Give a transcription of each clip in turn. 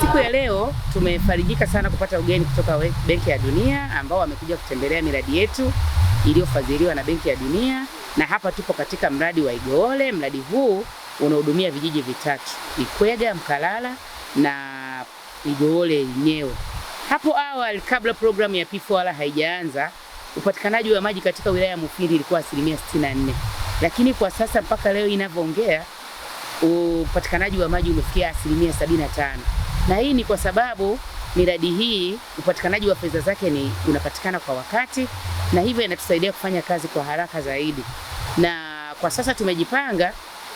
siku ya leo tumefarijika sana kupata ugeni kutoka Benki ya Dunia ambao wamekuja kutembelea miradi yetu iliyofadhiliwa na Benki ya Dunia, na hapa tupo katika mradi wa Igoole. Mradi huu unahudumia vijiji vitatu, Ikwega, Mkalala na Igoole yenyewe. Hapo awali kabla programu ya PFOA haijaanza, upatikanaji wa maji katika wilaya ya Mufindi ilikuwa asilimia 64, lakini kwa sasa mpaka leo inavyoongea upatikanaji wa maji umefikia asilimia 75 na hii ni kwa sababu miradi hii upatikanaji wa fedha zake ni unapatikana kwa wakati, na hivyo inatusaidia kufanya kazi kwa haraka zaidi. Na kwa sasa tumejipanga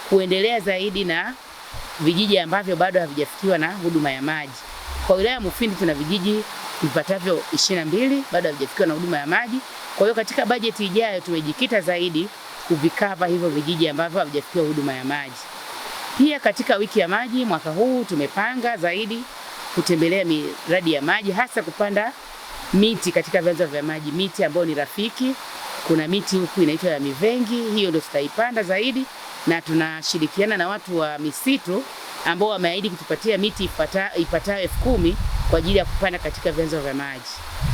kuendelea zaidi na vijiji ambavyo bado havijafikiwa na huduma ya maji. Kwa wilaya Mufindi tuna vijiji vipatavyo ishirini na mbili bado havijafikiwa na huduma ya maji. Kwa hiyo katika bajeti ijayo tumejikita zaidi kuvikava hivyo vijiji ambavyo havijafikiwa huduma ya maji. Pia katika wiki ya maji mwaka huu tumepanga zaidi kutembelea miradi ya maji, hasa kupanda miti katika vyanzo vya maji, miti ambayo ni rafiki. Kuna miti huku inaitwa ya mivengi, hiyo ndio tutaipanda zaidi, na tunashirikiana na watu wa misitu ambao wameahidi kutupatia miti ipatayo elfu kumi kwa ajili ya kupanda katika vyanzo vya maji.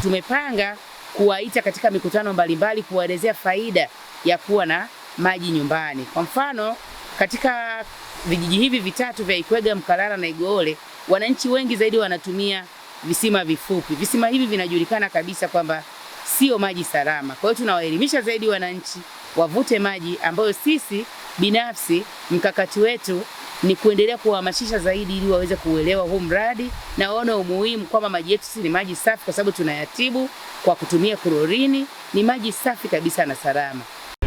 Tumepanga kuwaita katika mikutano mbalimbali kuwaelezea faida ya kuwa na maji nyumbani. Kwa mfano katika vijiji hivi vitatu vya Ikwega, Mkalala na Igoole, wananchi wengi zaidi wanatumia visima vifupi. Visima hivi vinajulikana kabisa kwamba sio maji salama. Kwa hiyo tunawaelimisha zaidi wananchi wavute maji ambayo sisi binafsi mkakati wetu ni kuendelea kuhamasisha zaidi ili waweze kuelewa huu mradi na waone umuhimu kwamba maji yetu si ni maji safi, kwa sababu tunayatibu kwa kutumia klorini. Ni maji safi kabisa na salama.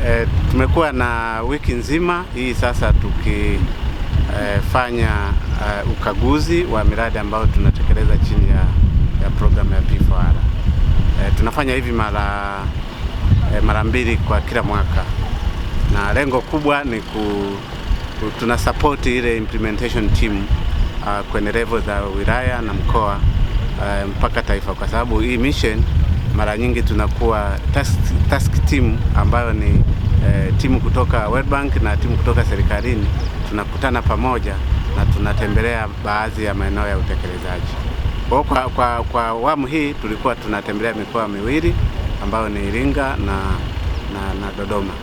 E, tumekuwa na wiki nzima hii sasa tukifanya e, e, ukaguzi wa miradi ambayo tunatekeleza chini ya, ya programu ya P4R. E, eh, tunafanya hivi mara e, mara mbili kwa kila mwaka na lengo kubwa ni ku, ku tuna support ile implementation team uh, kwenye level za wilaya na mkoa uh, mpaka taifa kwa sababu hii mission mara nyingi tunakuwa task, task team ambayo ni eh, timu kutoka World Bank na timu kutoka serikalini tunakutana pamoja na tunatembelea baadhi ya maeneo ya utekelezaji. Kwa kwa kwa awamu hii tulikuwa tunatembelea mikoa miwili ambayo ni Iringa na, na, na Dodoma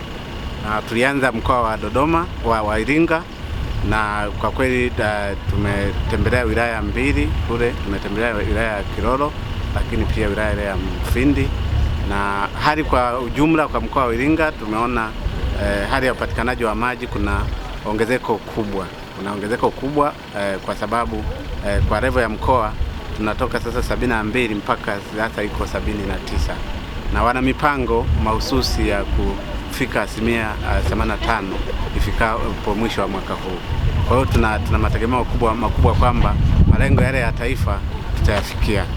na tulianza mkoa wa Dodoma wa, wa Iringa na kwa kweli eh, tumetembelea wilaya mbili kule, tumetembelea wilaya ya Kilolo lakini pia wilaya ile ya Mufindi na hali kwa ujumla kwa mkoa wa Iringa tumeona eh, hali ya upatikanaji wa maji kuna ongezeko kubwa, kuna ongezeko kubwa eh, kwa sababu eh, kwa levo ya mkoa tunatoka sasa sabini na mbili mpaka sasa iko sabini na tisa na wana mipango mahususi ya kufika asilimia uh, themanini na tano ifikapo mwisho wa mwaka huu. Kwa hiyo tuna, tuna mategemeo makubwa kwamba malengo yale ya taifa tutayafikia.